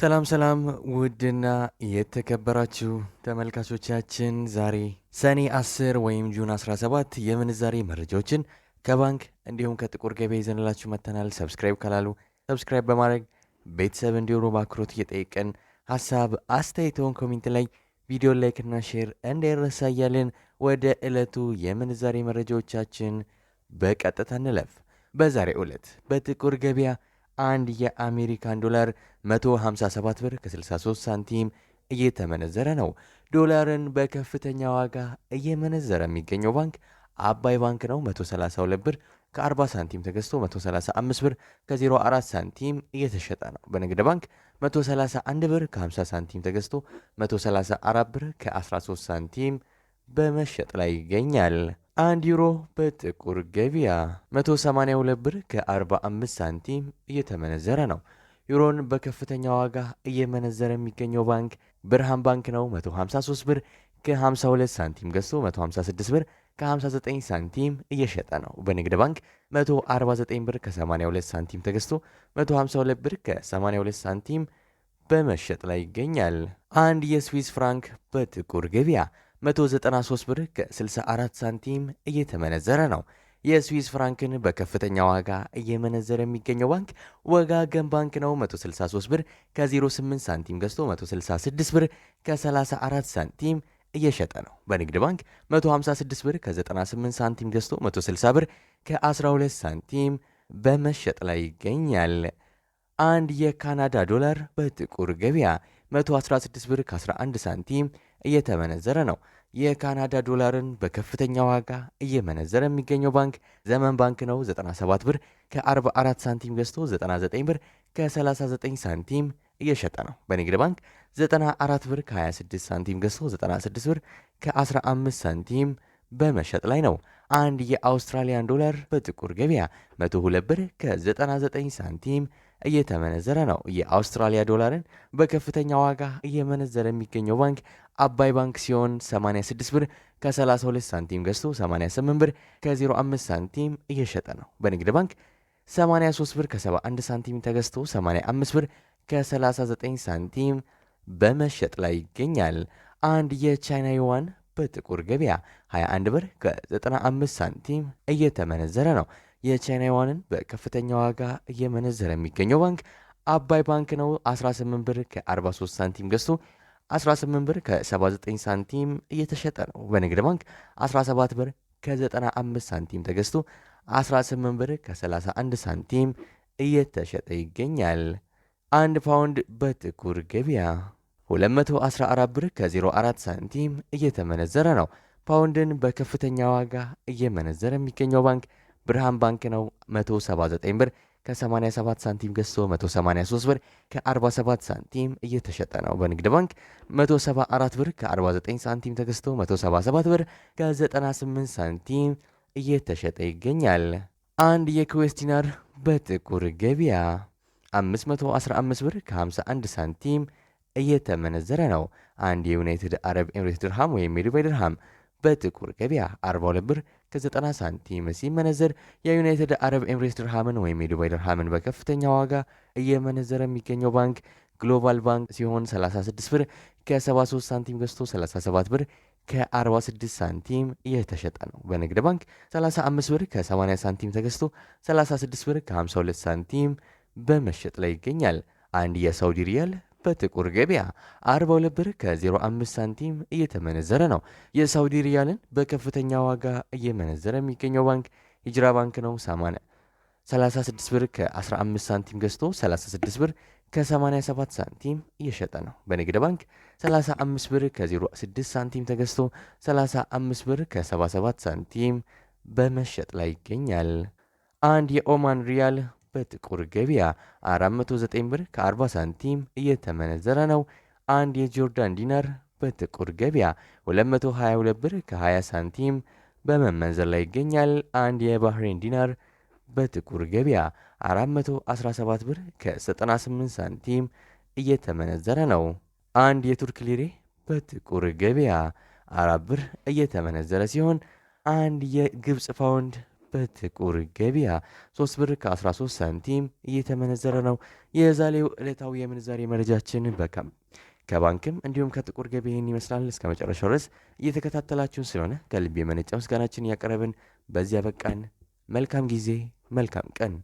ሰላም ሰላም ውድና የተከበራችሁ ተመልካቾቻችን ዛሬ ሰኔ 10 ወይም ጁን 17 የምንዛሬ መረጃዎችን ከባንክ እንዲሁም ከጥቁር ገበያ ይዘንላችሁ መተናል። ሰብስክራይብ ካላሉ ሰብስክራይብ በማድረግ ቤተሰብ እንዲሆኑ በአክብሮት እየጠየቀን ሀሳብ አስተያየተውን ኮሜንት ላይ ቪዲዮ ላይክና ሼር እንዳይረሳ እያልን ወደ ዕለቱ የምንዛሬ መረጃዎቻችን በቀጥታ እንለፍ። በዛሬ ዕለት በጥቁር ገበያ አንድ የአሜሪካን ዶላር 157 ብር ከ63 ሳንቲም እየተመነዘረ ነው። ዶላርን በከፍተኛ ዋጋ እየመነዘረ የሚገኘው ባንክ አባይ ባንክ ነው። 132 ብር ከ40 ሳንቲም ተገዝቶ 135 ብር ከ04 ሳንቲም እየተሸጠ ነው። በንግድ ባንክ 131 ብር ከ50 ሳንቲም ተገዝቶ 134 ብር ከ13 ሳንቲም በመሸጥ ላይ ይገኛል። አንድ ዩሮ በጥቁር ገበያ 182 ብር ከ45 ሳንቲም እየተመነዘረ ነው። ዩሮን በከፍተኛ ዋጋ እየመነዘረ የሚገኘው ባንክ ብርሃን ባንክ ነው። 153 ብር ከ52 ሳንቲም ገዝቶ 156 ብር ከ59 ሳንቲም እየሸጠ ነው። በንግድ ባንክ 149 ብር ከ82 ሳንቲም ተገዝቶ 152 ብር ከ82 ሳንቲም በመሸጥ ላይ ይገኛል። አንድ የስዊስ ፍራንክ በጥቁር ገበያ 193 ብር ከ64 ሳንቲም እየተመነዘረ ነው። የስዊስ ፍራንክን በከፍተኛ ዋጋ እየመነዘረ የሚገኘው ባንክ ወጋገን ባንክ ነው። 163 ብር ከ08 ሳንቲም ገዝቶ 166 ብር ከ34 ሳንቲም እየሸጠ ነው። በንግድ ባንክ 156 ብር ከ98 ሳንቲም ገዝቶ 160 ብር ከ12 ሳንቲም በመሸጥ ላይ ይገኛል። አንድ የካናዳ ዶላር በጥቁር ገበያ 116 ብር ከ11 ሳንቲም እየተመነዘረ ነው። የካናዳ ዶላርን በከፍተኛ ዋጋ እየመነዘረ የሚገኘው ባንክ ዘመን ባንክ ነው። 97 ብር ከ44 ሳንቲም ገዝቶ 99 ብር ከ39 ሳንቲም እየሸጠ ነው። በንግድ ባንክ 94 ብር ከ26 ሳንቲም ገዝቶ 96 ብር ከ15 ሳንቲም በመሸጥ ላይ ነው። አንድ የአውስትራሊያን ዶላር በጥቁር ገበያ 102 ብር ከ99 ሳንቲም እየተመነዘረ ነው። የአውስትራሊያ ዶላርን በከፍተኛ ዋጋ እየመነዘረ የሚገኘው ባንክ አባይ ባንክ ሲሆን 86 ብር ከ32 ሳንቲም ገዝቶ 88 ብር ከ05 ሳንቲም እየሸጠ ነው። በንግድ ባንክ 83 ብር ከ71 ሳንቲም ተገዝቶ 85 ብር ከ39 ሳንቲም በመሸጥ ላይ ይገኛል። አንድ የቻይና ዩዋን በጥቁር ገበያ 21 ብር ከ95 ሳንቲም እየተመነዘረ ነው። የቻይና ዩዋንን በከፍተኛ ዋጋ እየመነዘረ የሚገኘው ባንክ አባይ ባንክ ነው። 18 ብር ከ43 ሳንቲም ገዝቶ 18 ብር ከ79 ሳንቲም እየተሸጠ ነው። በንግድ ባንክ 17 ብር ከ95 ሳንቲም ተገዝቶ 18 ብር ከ31 ሳንቲም እየተሸጠ ይገኛል። አንድ ፓውንድ በጥቁር ገበያ 214 ብር ከ04 ሳንቲም እየተመነዘረ ነው። ፓውንድን በከፍተኛ ዋጋ እየመነዘረ የሚገኘው ባንክ ብርሃን ባንክ ነው 179 ብር ከ87 ሳንቲም ገዝቶ 183 ብር ከ47 ሳንቲም እየተሸጠ ነው። በንግድ ባንክ 174 ብር ከ49 ሳንቲም ተገዝቶ 177 ብር ከ98 ሳንቲም እየተሸጠ ይገኛል። አንድ የኩዌስ ዲናር በጥቁር ገበያ 515 ብር ከ51 ሳንቲም እየተመነዘረ ነው። አንድ የዩናይትድ አረብ ኤምሬት ድርሃም ወይም የዱባይ ድርሃም በጥቁር ገበያ 42 ብር ከ90 ሳንቲም ሲመነዘር የዩናይትድ አረብ ኤምሬትስ ድርሃምን ወይም የዱባይ ድርሃምን በከፍተኛ ዋጋ እየመነዘረ የሚገኘው ባንክ ግሎባል ባንክ ሲሆን 36 ብር ከ73 ሳንቲም ገዝቶ 37 ብር ከ46 ሳንቲም እየተሸጠ ነው። በንግድ ባንክ 35 ብር ከ80 ሳንቲም ተገዝቶ 36 ብር ከ52 ሳንቲም በመሸጥ ላይ ይገኛል። አንድ የሳውዲ ሪያል በጥቁር ገበያ 42 ብር ከ05 ሳንቲም እየተመነዘረ ነው። የሳውዲ ሪያልን በከፍተኛ ዋጋ እየመነዘረ የሚገኘው ባንክ ሂጅራ ባንክ ነው። 36 ብር ከ15 ሳንቲም ገዝቶ 36 ብር ከ87 ሳንቲም እየሸጠ ነው። በንግድ ባንክ 35 ብር ከ06 ሳንቲም ተገዝቶ 35 ብር ከ77 ሳንቲም በመሸጥ ላይ ይገኛል። አንድ የኦማን ሪያል በጥቁር ገበያ 409 ብር ከ40 ሳንቲም እየተመነዘረ ነው። አንድ የጆርዳን ዲናር በጥቁር ገበያ 222 ብር ከ20 ሳንቲም በመመንዘር ላይ ይገኛል። አንድ የባህሬን ዲናር በጥቁር ገበያ 417 ብር ከ98 ሳንቲም እየተመነዘረ ነው። አንድ የቱርክ ሊሬ በጥቁር ገበያ አራት ብር እየተመነዘረ ሲሆን አንድ የግብፅ ፓውንድ በጥቁር ገበያ 3 ብር ከ13 ሳንቲም እየተመነዘረ ነው። የዛሬው ዕለታዊ የምንዛሬ መረጃችን በቀም ከባንክም እንዲሁም ከጥቁር ገበያ ይህን ይመስላል። እስከ መጨረሻው ድረስ እየተከታተላችሁን ስለሆነ ከልብ የመነጨ ምስጋናችን እያቀረብን በዚያ በቃን። መልካም ጊዜ፣ መልካም ቀን